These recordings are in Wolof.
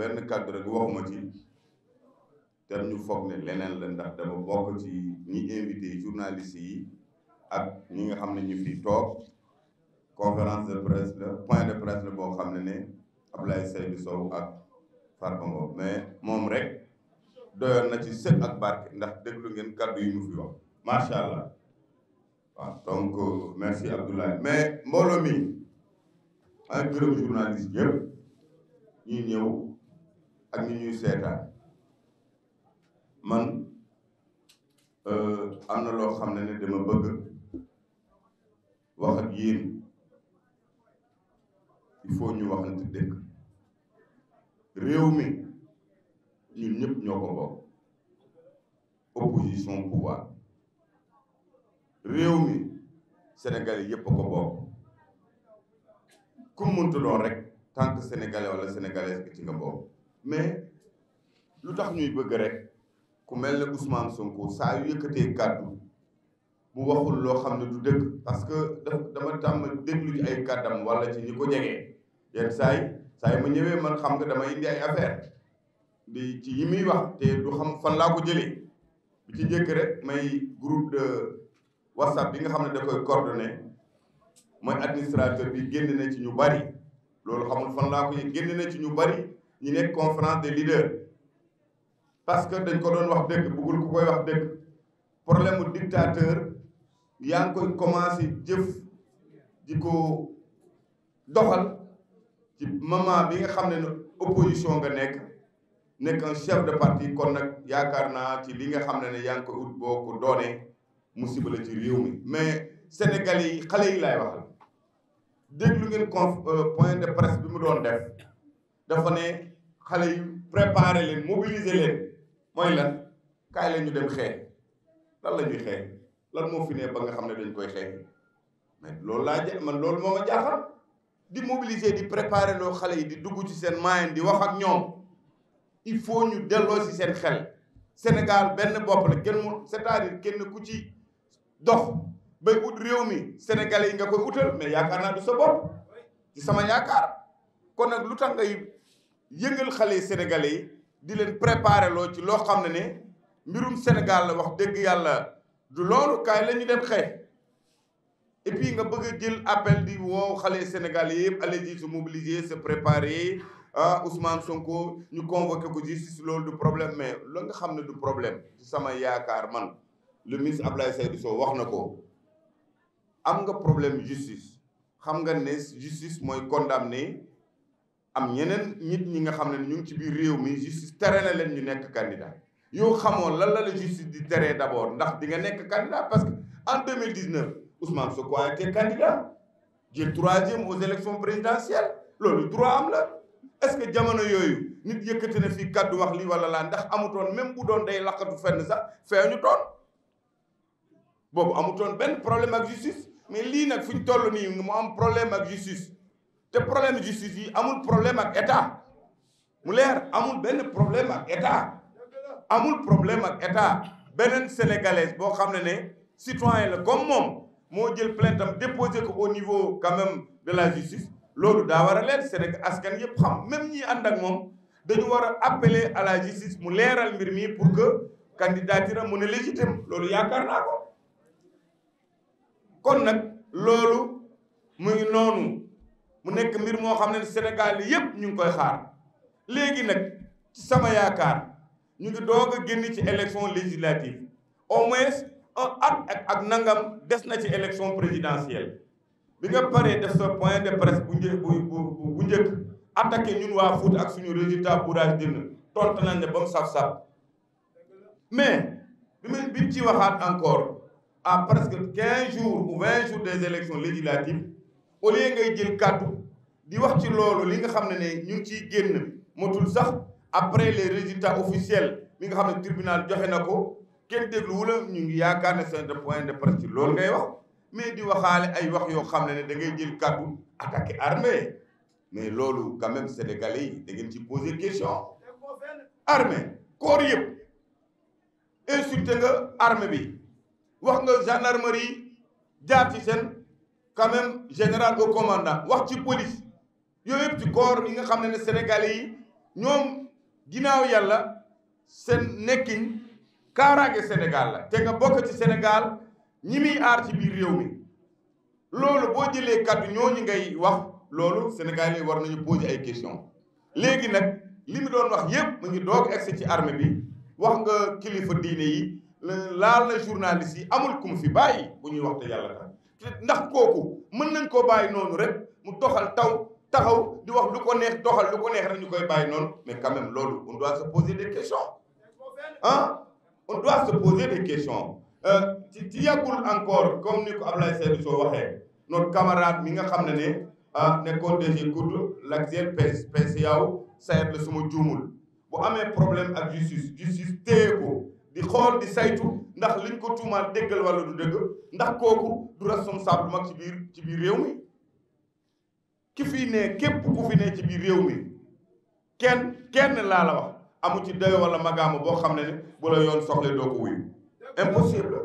benn kàddu rek waxuma ci te ñu foog ne leneen la ndax dama bokk ci ñi invité journaliste yi ak ñi nga xam ne ñu fi toog conférence de presse la point de presse la boo xam ne ne Ablaye Seydou Sow ak Farba Ngom mais moom rek doyoon na ci sët ak barke ndax déglu ngeen kàddu yi ñu fi wax macha allah waaw donc merci Abdoulaye mais mbooloo mi ay gërëm journaliste yëpp ñi ñëw ak ñu ñuy seetaan man euh, am na loo xam ne ne dama bëgg wax ak yéen il faut ñu waxante dëkk réew mi ñun ñëpp ñoo ko bokk opposition pouvoir réew mi sénégalais yëpp a ko bokk ku mu doon rek tant que sénégalais wala sénégalaise ci nga bokk mais lu tax ñuy bëgg rek ku mel ne Ousmane Sonko saa yu yëkkatee kàddu mu waxul loo xam ne du dëgg parce que dama tàmm déglu ci ay kàddam wala ci ñi ko jegee yenn saa yi saa yi ma ñëwee man xam nga dama indi ay affaire di ci yi muy wax te du xam fan laa ko jëlee bi ci njëkk rek may groupe de whatsapp bi nga xam ne da koy coordonné mooy administrateur bi génn na ci ñu bari loolu xamul fan laa ko génn na ci ñu bari ñu nekk conférence des leaders parce que dañ ko doon wax dëgg bëggul ku koy wax dëgg problème mu dictateur yaa ngi koy commencé jëf di ko doxal ci moment bi nga xam ne opposition nga nekk nekk un chef de parti kon nag yaakaar naa ci bi nga xam ne ne yaa ngi koy ut boo ko doonee musiba la ci réew mi mais Sénégal yi xale yi laay waxal lu ngeen conf euh, point de presse bi mu doon def dafa xale yi préparer leen mobiliser leen mooy lan kaay la ñu dem xeex lan la ñuy lan moo fi ne ba nga xam ne dañ koy xeex mais loolu laa ja man loolu moo ma jaaxal di mobiliser di préparer loo xale yi di dugg ci seen moyen di wax ak ñoom il faut ñu delloo ci seen xel Sénégal benn bopp la kenn mu cest à kenn ku ci dox bay ut réew mi Sénégalais yi nga koy utal mais yaakaar naa du sa bopp ci sama yaakaar kon nag lu tax ngay yëngal xale yi sénégalais yi di leen préparer loo ci loo xam ne ne mbirum Sénégal la wax dëgg yàlla du loolu kaay la ñu dem xeex nga bëgg a jël appel di woo xale sénégalais yëpp allez yi se mobiliser se préparer ah Ousmane Sonko ñu convoqué ko justice loolu du problème mais la nga xam ne du problème ci sama yaakaar man le ministre Abdoulaye Seydou Sow wax na ko am nga problème justice xam nga ne justice mooy condamné. am ñeneen nit ñi nga xam ne ñu ngi ci biir réew mi justice tere na leen ñu nekk candidat yow xamoon lan la la justice di tere d' abord ndax di nga nekk candidat parce que en 2019 Ousmane Sonko a été candidat jël troisième aux élections présidentielles loolu droit am la est ce que jamono yooyu nit yëkkati na fii kàddu wax lii wala laa ndax amutoon même bu doon day lakkatu fenn sax feeñu toon boobu amutoon benn problème ak justice mais lii nag fu ñu toll nii mu am problème ak justice te problème justice yi amul problème ak état mu leer amul benn problème ak état amul problème ak état beneen sénégalaise boo xam ne ne citoyen la comme moom moo jël plainte am déposé ko au niveau quand même de la justice loolu daa war a leer Sénégal askan yëpp xam même ñi ànd ak moom dañu war a appeler à la justice mu leeral mbir mi pour que candidature mu ne légitime loolu yaakaar naa ko kon nag loolu mu ngi noonu mu nekk mbir moo xam ne Sénégal yëpp ñu ngi koy xaar léegi nag ci sama yaakaar ñu ngi doog a génn ci élection législative au moins un ak ak nangam des na ci élection présidentielle bi nga paree def sa point de presse bu një bu bu njëkk attaqué ñun waa Fuuta ak suñu résultat bourrage dina tontu nañ ne ba mu saf-saf mais bi mu bi ci waxaat encore à presque quinze jours ou vingt jours des élections législatives au lieu ngay jël kàddu di wax ci loolu li nga xam ne ne ñu ngi ciy génn motul sax après les résultats officiels mi nga xam ne tribunal joxe na ko kenn dégluwu la ñu ngi yaakaar ne seen de point de presse loolu ngay wax mais di waxaale ay wax yoo xam ne ne da ngay jël kàddu attaqué armée mais loolu quand même sénégalais yi da ngeen ci poser question armée corps yëpp insulté nga armée bi wax nga gendarmerie jaar ci seen quand même général au commandant wax ci police yooyu yëpp ci corps yi nga xam ne ne sénégalais yi ñoom ginnaaw yàlla seen nekkin kaaraange Sénégal la te nga bokk ci Sénégal ñi muy aar ci biir réew mi loolu boo jëlee kàddu ñoo ñooñu ngay wax loolu sénégalais war nañu poser ay questions léegi nag li mu doon wax yëpp mu ngi doog egsi ci armée bi wax nga kilifa diine yi laal na journaliste yi amul kum fi bàyyi bu ñuy wax te yàlla tax ndax kooku mën nañ koo bàyyi noonu rek mu doxal taw taxaw di wax lu ko neex doxal lu ko neex rek ñu koy bàyyi noonu mais quand loolu on doit se poser des questions ah on doit se poser des questions euh, ci ci encore comme ni ko Ablaye Seydou Sow waxee notre camarade mi nga xam ne ne ah nekkoon DG Goudre l'axial PCAO Sayet la suma juumul boo amee problème ak justice justice téye di xool di saytu ndax liñ ko tuumaal déggal walla du dëgg ndax kooku du responsable bu mag ci biir ci biir réew mi ki fii ne képp ku fi ne ci biir réew mi kenn kenn laa la wax amu ci dayo walla magaama boo xam ne ne bu la yoon soxle doo ko wuyu impossible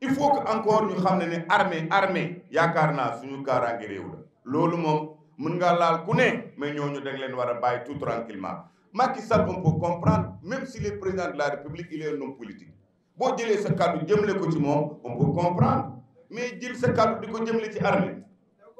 il faut que encore ñu xam ne ne armée armée yaakaar naa suñu kaaraange réew la loolu moom mën nga laal ku ne mais ñooñu dañ leen war a bàyyi tout tranquillement Macky Sall on peut comprendre même s'il président de la République il est un homme boo jëlee sa kàddu jëmle ko ci moom on peut comprendre mais jël sa kàddu di ko jëmle ci armée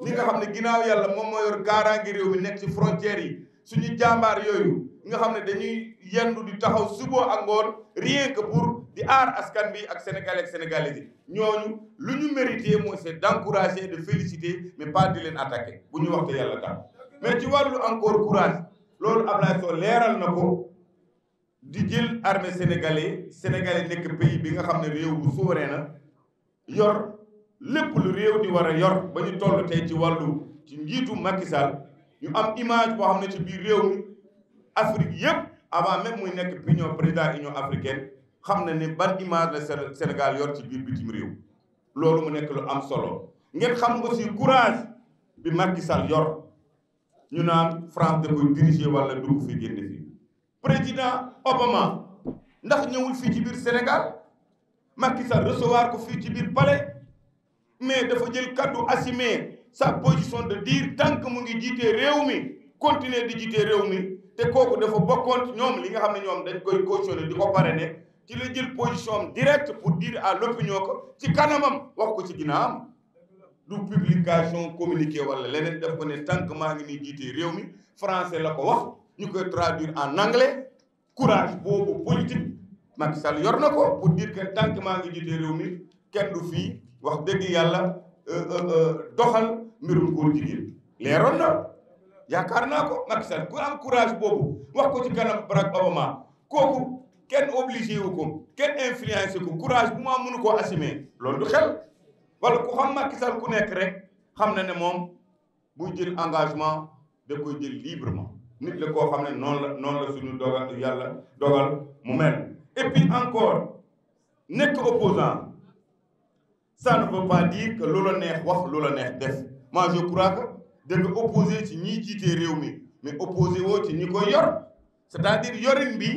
ñi nga xam ne ginnaaw yàlla moom moo yor kaaraange réew mi nekk ci frontières yi suñu jàmbaar yooyu nga xam ne dañuy yendu di taxaw suboo ak ngoon rien que pour di aar kan bi ak sénégalais ak sénégalais yi ñooñu lu ñu mérité mooy c'est d'encourager de féliciter mais pas di leen attaquer bu ñu waxte yàlla tax mais ci wàllu encore courage loolu Ablaye Sow leeral na ko di jël armée sénégalais sénégalais nekk pays bi nga xam ne réew bu souverain na yor lépp lu réew di war a yor ba ñu toll tey ci wàllu ci njiitu Macky ñu am image boo xam ne ci biir réew mi Afrique yëpp avant même muy nekk union président union africaine xam na ne ban image la Sénégal yor ci biir bitim réew loolu mu nekk lu am solo ngeen xam aussi courage bi Macky Sall yor. ñu naan France da koy diriger wala dugg fi génn fi président Obama ndax ñëwul fii ci biir Sénégal Macky sa recevoir ko fii ci biir palais mais dafa jël kaddu assumer sa position de dire tant mu ngi jiitee réew mi continuer di jiitee réew mi te kooku dafa bokkoon ñoom li nga xam ne ñoom dañ koy cautionné di ko ne ci la jël position am directe pour dire à l'opinion ko ci kanamam wax ko ci ginnaawam du publication communiqué wala leneen daf ko ne tànk maa ngi nii jiite réew mi francais la ko wax ñu koy traduire en anglais courage boobu politique Macky Sall yor na ko pour dire que tànk maa ngi jiite réew mi kenn du fii wax dëgg yàlla euh, euh, euh, doxal mbirum góor jigéen leeroon na yaakaar naa ko Macky ku am courage boobu wax ko ci kanam Barack Obama kooku kenn obligé wu ko kenn influencé ko courage bu ma mënu koo assumer loolu du xel wala ku xam Macky Sall ku nekk rek xam na ne moom buy jël engagement de koy jël librement nit la koo xam ne noonu la noonu la suñu dogal yàlla dogal mu mel et puis encore nekk opposant ça ne veut pas lu la neex wax lu la neex def moi je crois que da nga opposé ci ñiy jiitee réew mi mais opposé woo ci ñi koy yor cest à yor yorin bi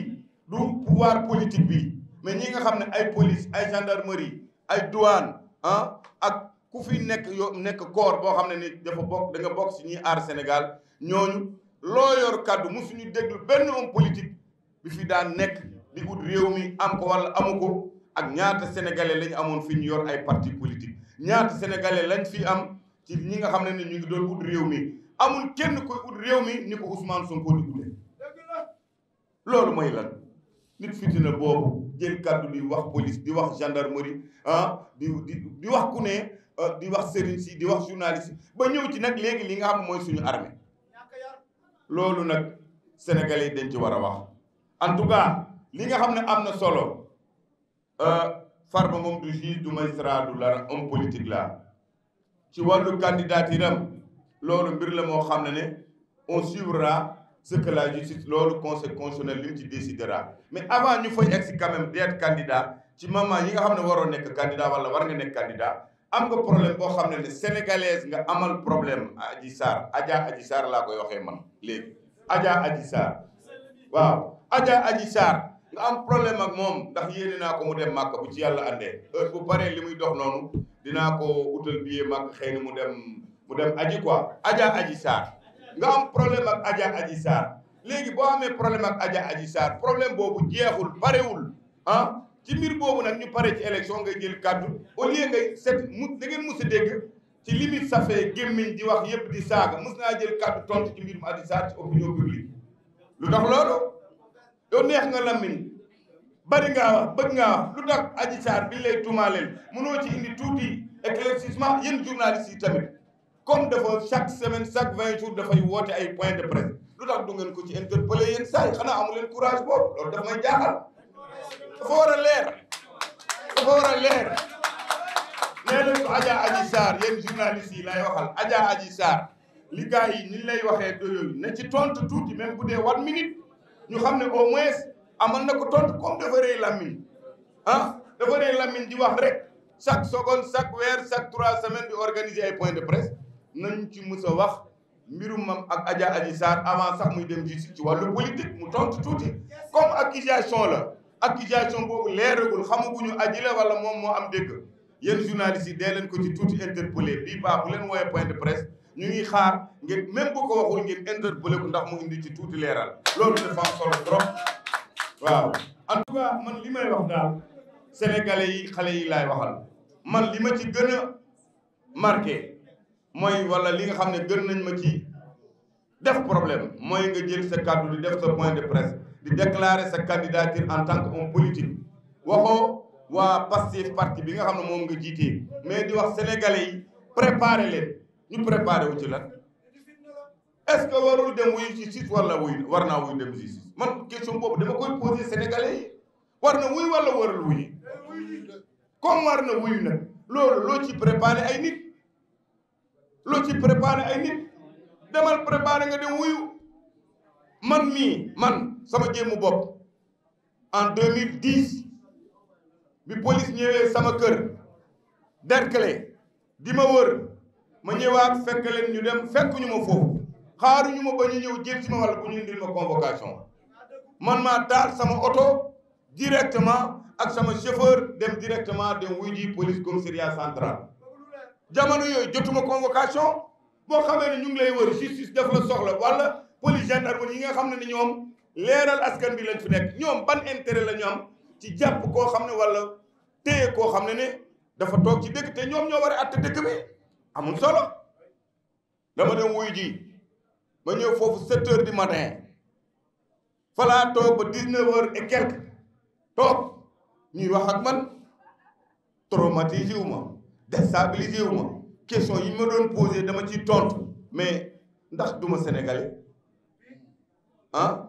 du pouvoir politique bi mais ñi nga xam ne ay police ay gendarmerie ay douane ah ak ku fi nekk nekk corps boo xam ne ni dafa bokk da bokk si ñuy aar Sénégal ñooñu loo yor kàddu musuñu déglu benn homme politique bi fi daan nekk di ut réew mi am ko wala amu ak ñaata sénégalais lañu amoon fi ñu yor ay parti politique ñaata sénégalais lañ fi am ci ñi nga xam ne ni ñu ngi doon ut réew mi amul kenn koy ut réew mi ni ko Ousmane Sonko di ute loolu mooy lan ngir fitina boobu jël kàddu di wax police di wax gendarmerie ah di di di wax ku ne ah, di wax sëriñ si di wax journaliste yi ba ñëw ci nag léegi li nga xam mooy suñu armée loolu nag sénégalais dañ ci war a wax en li nga xam ne am na solo ah, Farba moom du juge du magistrat du lara homme politique la ci wàllu candidature loolu mbir la moo xam ne ne on suivra ce que la justice loolu conseil constitutionnel li ñu ci décidera mais avant ñu fay egg si quand même d'être candidat ci moment ñi nga xam ne waroo nekk candidat wala war nga nekk candidat am nga problème boo xam ne ne sénégalaise nga amal problème aji Sarr Adja aji Sarr laa koy waxee man léegi Adja aji Sarr waaw Adja Adji Sarr nga am problème ak moom ndax yéene naa ko mu dem màkk bu ci yàlla àndee heure bu paree li muy dox noonu dinaa ko utal billet màkk xëy na mu dem mu dem aji quoi Adja Adji nga am problème ak Adja Adji Sarr léegi boo amee problème ak Adja Adji Sarr problème boobu jeexul parewul ah ci mbir boobu nag ñu pare ci élection nga jël kàddu au lieu ngay set mu da ngeen mus a dégg ci limite safee gémmiñ di wax yëpp di saaga mus naa jël kàddu tontu ci mbirum Adji Sarr ci opinion publique lu tax loolu doo neex nga lammiñ bari nga wax bëgg ngaa lu tax Adji Sarr bi lay tuumaaleel mënoo ci indi tuuti éclaircissement yéen journalistes yi tamit comme dafa chaque semaine chaque vingt jours dafay woote ay point de presse lu tax du ngeen ko ci interpellé yéen saa yi xanaa amu leen courage boobu loolu jaaxal dafa war a leer dafa war a leer nee nañ ko Adja Adji Sarr yéen journaliste yi lay waxal Adja Adji Sarr li gars yi ni lay waxee doyul na ci tontu tuuti même bu dee one minute ñu xam ne au moins amal na ko tontu comme dafa rëy Lamine ah dafa rëy Lamine di wax rek chaque seconde chaque weer chaque trois semaines di organiser ay de presse nañ ci mus a wax mbirum mam ak Adja Adji Sarr avant sax muy dem justice ci wàllu politique mu tontu tuuti comme accusation la accusation boobu leeragul xamaguñu aji la wala moom moo am dégg yéen journalistes yi dee leen ko ci tuuti interpellé bii baa bu leen wooyee point de presse ñu ngi xaar ngeen même bu ko waxul ngeen interpellé ko ndax mu indi ci tuuti leeral loolu dafa am solo trop waaw en man li may wax daal sénégalais yi xale yi laay waxal man li ma ci gën a mooy wala li nga xam ne gën nañ ma ci def problème mooy nga jël sa kàddu di def sa point de presse di déclarer sa candidature en tant que homme politique waxoo waa Pastef parti bi nga xam ne moom nga jiitee mais di wax sénégalais yi préparer leen ñu préparer wu ci est-ce que warul dem wuyu justice wala wuyu war naa wuyu dem justice man question boobu dama koy poser sénégalais yi war na wuyu wala warul wuyu comme war na wuyu nag loolu loo ci préparer ay nit loo ci préparé ay nit demal préparé nga dem wuyu man mii man sama jéemu bopp en 2010 bi police ñëwee sama kër derkale di ma wër ma ñëwaat fekk leen ñu dem fekk ñu ma foofu xaaruñu ma ba ñu ñëw jël ci ma wala bu ñu indil ma convocation man maa taal sama oto directement ak sama chauffeur dem directement dem wuy ji police commissariat central jamono yooyu jotuma convocation boo xamee ne ñu ngi lay wër justice def la soxla wala police gendarmerie yi nga xam ne ni ñoom leeral askan bi leen fi nekk ñoom ban intérêt la ñu am ci jàpp koo xam ne wala téye koo xam ne ne dafa toog ci dëkk te ñoom ñoo war a àtte dëkk bi amul solo dama dem wuyu ji ma ñëw foofu sept heures du matin falaa toog ba dix-neuf heures et quelque toog ñuy wax ak man traumatisé wu ma déstabilisé wu ma question yi ma doon posé dama ciy tontu mais ndax duma sénégalais ah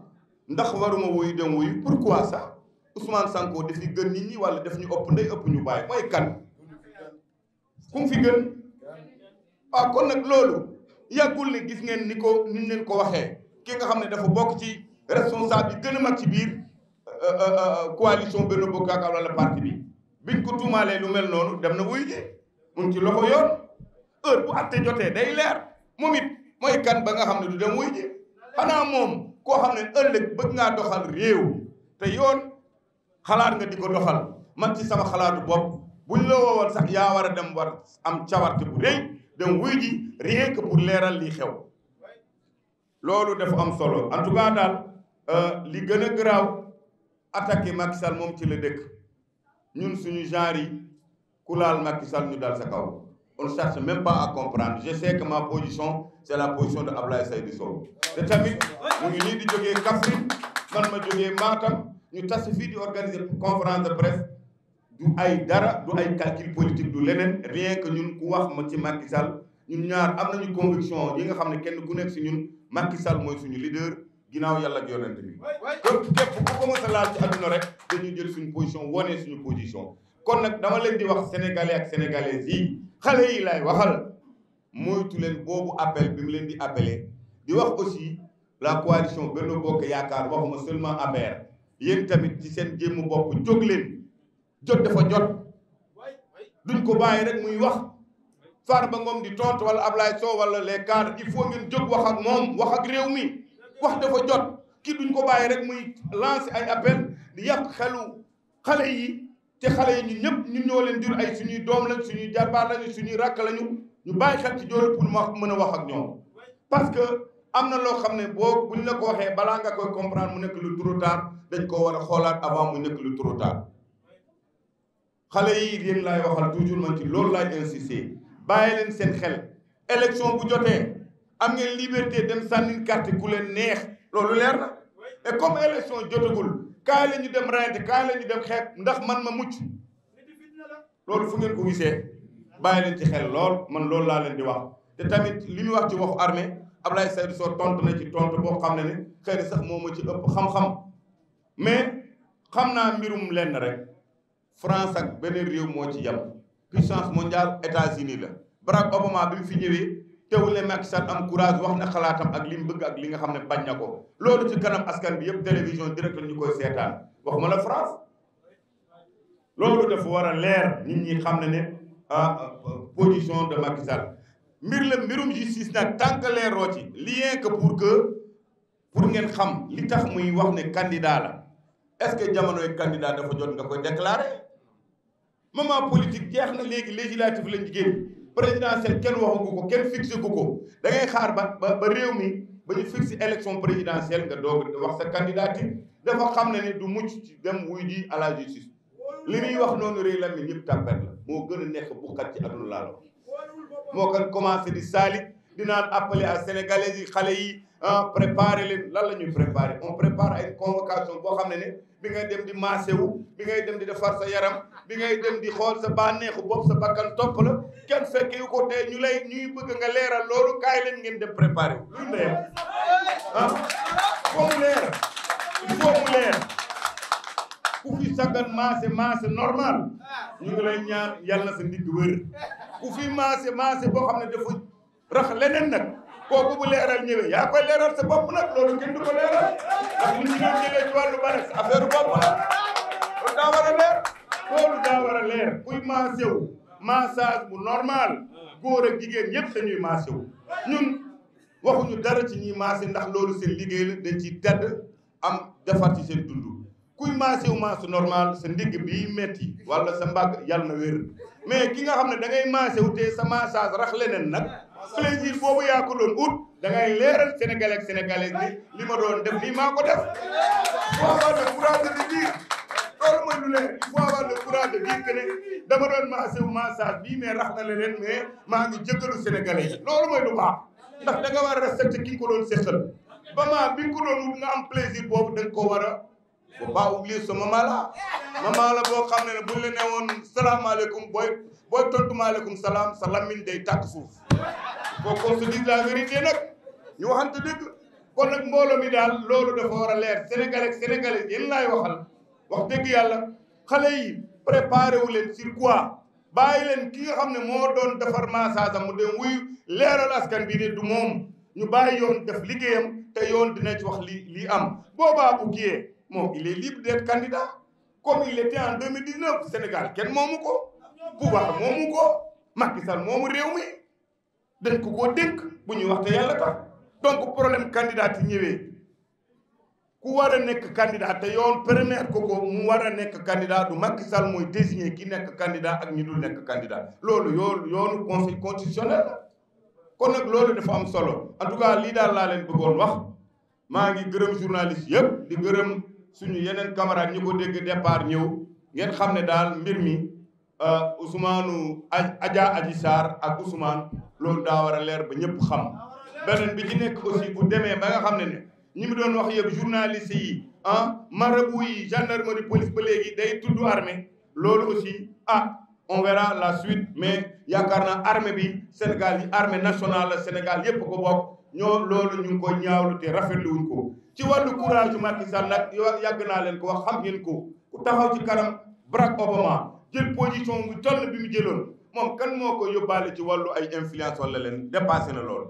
ndax waruma wuyu pour wuyu pourquoi ça Ousmane Sanko dafi gën nit ñi walla daf ñu ëpp ndey ëpp ñu bàyyi mooy kan ku fi gën waaw ah, kon nag loolu yàggul ne gis ngeen ni ko ni leen ko waxee ki nga xam ne dafa bokk ci responsable bi gën a mag ci biir euh, euh, euh, coalition Benno Bokk Yaakaar wala parti bi biñ ko lu mel noonu dem na wuyu ji mun ci loxo yoon heure bu atte jotee day leer moom it mooy kan ba nga xam ne du dem wuy ji xanaa moom koo xam ne ëllëg bëgg ngaa doxal réew te yoon xalaat nga di ko doxal man ci sama xalaatu bopp buñ la woowoon sax yaa war a dem war am bu rëy dem wuy ji leeral lii xew loolu dafa am solo en tout daal euh, li gën a garaaw attaqué Macky Sall moom ci la dëkk ñun suñu genre yi ku laal Macky Sall ñu dal sa kaw on cherche même pas à comprendre je sais que ma position c'est la position de Ablaye Seydou Sow te tamit mu nii di jógee Kaffrine man ma jógee Matam ñu tas fii di organiser conférence de presse du ay dara du ay calcul politique du leneen rien que ñun ku wax ma ci Macky Sall ñun ñaar am nañu conviction yi nga xam ne kenn ku nekk si ñun Macky Sall mooy suñu leader ginnaaw yàlla ak yonent bi képp képp ku ko mos a laal ci àdduna rek jël suñu position wone suñu position kon nag dama leen di wax sénégalais ak sénégalaises yi xale yi laay waxal moytu leen boobu appel bi mu leen di appelé di wax aussi la coalition Benno Bokk Yaakaar waxuma seulement APR yéen tamit ci seen jëmmu bopp jóg leen jot dafa jot duñ ko bàyyi rek muy wax Farba Ngom di tontu wala Ablaye Sow wala les cadres il faut ngeen jóg wax ak moom wax ak réew mi wax dafa jot kii duñ ko bàyyi rek muy lancer ay appel di yàq xelu xale yi te xale yi ñu ñëpp ñun ñoo leen jur ay suñuy doom lañ suñuy jarbaar lañu suñuy rakk lañu ñu bàyyi xel ci jooju pour ma mën a wax ak ñoom parce que am na loo xam ne boo buñ la balaa nga koy comprendre mu nekk lu trop tard dañ ko war a xoolaat avant mu nekk lu trop tard xale yi yéen laay waxal toujours man ci loolu laay insisté bàyyi leen seen xel élection bu jotee am ngeen liberté dem sànni carte ku leen neex loolu leer na mais comme élection jotagul kaay la ñu dem rayante kaay la ñu dem xeet ndax man ma mucc loolu fu ngeen ko gisee bàyyi leen ci xel lool man loolu laa leen di wax te tamit li ñu wax ci waxu armée Ablaye Seydou Sow tontu na ci tontu boo xam ne ni xëy na sax moo ma ci ëpp xam-xam mais xam naa mbirum lenn rek France ak beneen réew moo ci yem puissance mondiale États-Unis la Barack Obama bi fi ñëwee teewule Macky Sall am courage wax na xalaatam ak li mu bëgg ak li nga xam ne bañ na ko loolu ci kanam askan bi yëpp télévision direct la ñu koy seetaan waxuma la France loolu dafa war a leer nit ñi xam ne ne ah, position de Macky Sall mbir la mbirum justice nag tant que leeroo ci rien que pour que pour ngeen xam li tax muy wax ne candidat la est-ce que jamonoy candidat dafa jot nga koy déclarer moment politique jeex na léegi législative lañ jigéen présidentielle kenn waxagu ko kenn fixé gu ko da ngay xaar ba ba réew mi ba ñu fixé élection présidentielle nga doog wax sa candidature dafa xam ne ni du mucc ci dem wuy ji à la justice li muy wax noonu rek la mi ñëpp tàmpet la moo gën a nekk buxat ci aduna laa la moo kan commencé di saalik di naan appelé à sénégalais yi xale yi ah préparé leen lan la ñuy préparé on prépare ay convocation boo xam ne ne bi ngay dem di maase wu bi ngay dem di defar sa yaram bi ngay dem di xool sa bànneexu bopp sa bakkan topp la kenn fekke yu ko te ñu lay ñuy bëgg nga leeral loolu kaay leen ngeen dem préparé lu leer ah foofu leer foofu leer maase maase normal ñu ngi lay ñaan yàlla sa ndigg wër ku fi maase maase boo xam ne dafa rax leneen nag kooku bu leeral ñëwee yaa koy leeral sa bopp nag loolu kenn du ko leeral ndax li ñu doon jëlee ci wàllu bare affaire bopp la daa war a ñëpp maase wu massage bu normal góor ak jigéen ñëpp dañuy maase wu ñun waxuñu dara ci ñuy maase ndax loolu seen liggéey la dañ ci tedd am defar ci seen dund kuy maase wu maase normal sa ndigg bi metti wala sa mbàgg yàlla na wér mais ki nga xam ne da ngay maase wu te sa massage rax leneen nag plaisir foofu yaa ko doon ut da ngay leeral sénégalais ak sénégalaises li ma doon def nii maa ko def boo xam ne courage de dire loolu mooy lu leer il faut avoir le de dire que ne dama doon maase wu bii mais rax na leen mais maa ngi jëkkalu sénégalais yi loolu mooy lu ndax da war a respecté ko doon seqal ba maa bi nga ko doon nga am plaisir boobu da nga ko war a faut pas oublier sa maman la boo xam ne buñ la nee woon salaamaaleykum booy booy tontu maaleykum salaam sa lammiñ day tàkk suuf boo ko se dise nag ñu waxante dëgg kon nag mbooloo mi daal loolu dafa war a leer sénégalais sénégalais yéen laay waxal wax dëgg yàlla xale yi préparé wu leen sur quoi bàyyi leen ki nga xam ne moo doon defar massage mu dem wuy al askan bi ne du moom ñu ba yoon def liggéeyam te yoon dina ci wax li li am boobaa bu kiyee moom il est libre d'être candidat comme il était en 2019 Sénégal kenn moomu ko pouvoir moo ko Macky Sall moomu réew mi dañ ko koo dénk bu ñuy wax te yàlla tax donc problème candidat yi ñëwee ku war a nekk candidat te yoon permettre ko mu war a nekk candidat du Macky Sall mooy désigner ki nekk candidat ak ñi dul nekk candidat loolu yoon yoonu conseil constitutionnel la kon nag loolu dafa am solo en tout cas lii daal laa leen bëggoon wax maa ngi gërëm journaliste yëpp di gërëm suñu yeneen camarade ñi ko dégg ñëw ngeen xam ne daal mbir mi euh, Ousmane Adja aji Sarr ak Ousmane loolu daa war a leer ba ñëpp xam beneen bi ci nekk aussi bu demee ba nga xam ne ne ñi mu doon wax yëpp journaliste yi ah marabout yi gendarmerie police ba léegi day tudd armée loolu aussi ah on verra la suite mais yaakaar naa armée bi Sénégal yi armée nationale la Sénégal yëpp ko bokk ñoo loolu ñu ngi ko ñaawlu te rafetlu wuñ ko. ci wàllu courage Macky Sall nag yàgg naa leen ko wax xam ngeen ko ku taxaw ci kanam Barack Obama jël position bu toll bi mu jëloon moom kan moo ko yóbbaale ci wàllu ay influence wala leen dépassé na loolu.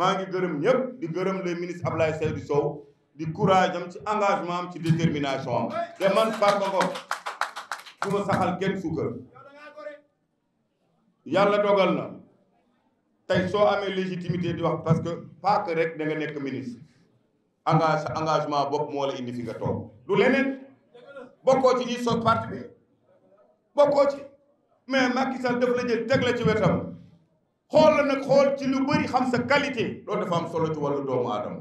maa ngi gërëm ñëpp di gërëm le ministre Ablaye Seydou Sow di courage am ci engagement am ci détermination am te man Farba Ngom su ma saxal kenn suukar yàlla dogal na tey soo amee légitimité di wax parce que pas que rek da nga nekk ministre engage engagement bopp moo la indi fi nga toog du leneen bokkoo ci ñi sos parti bi bokkoo ci mais Macky Sall daf la jël teg la ci wetam xool la nag xool ci lu bëri xam sa qualité loolu dafa am solo ci wàllu doomu aadama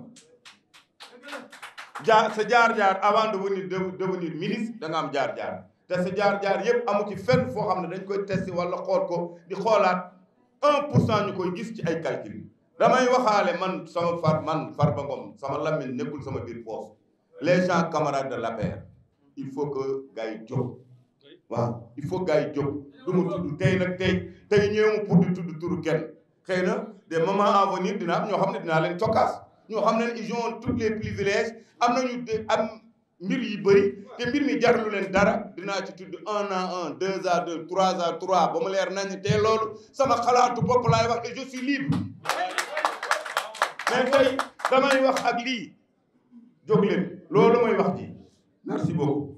jaar sa jaar-jaar avant de venir devenir ministre da nga am jaar-jaar te sa jaar-jaar yëpp amu ci foo xam ne dañ koy testi wala xool ko di xoolaat un pour cent ñu koy gis ci ay calcul damay waxaale man sama far man far ba Ngom sama làmmiñ nekkul sama biir poos les gens camarades la l'APR il faut que gars yi waaw il faut gars yi jóg du mu tudd tey nag tey tey ñëwuma pour di tudd turu kenn xëy na des moments à venir dina ñoo xam ne dinaa leen cokkaas ñoo xam ne ils ont tous les privilèges am na ñu de am mbir yi bëri te mbir mi jarlu leen dara dinaa ci tudd un à un deux à deux trois à trois ba mu leer nañ te loolu sama xalaatu bopp laay wax et je suis libre mais tey damay wax ak lii jog leen loolu mooy wax ji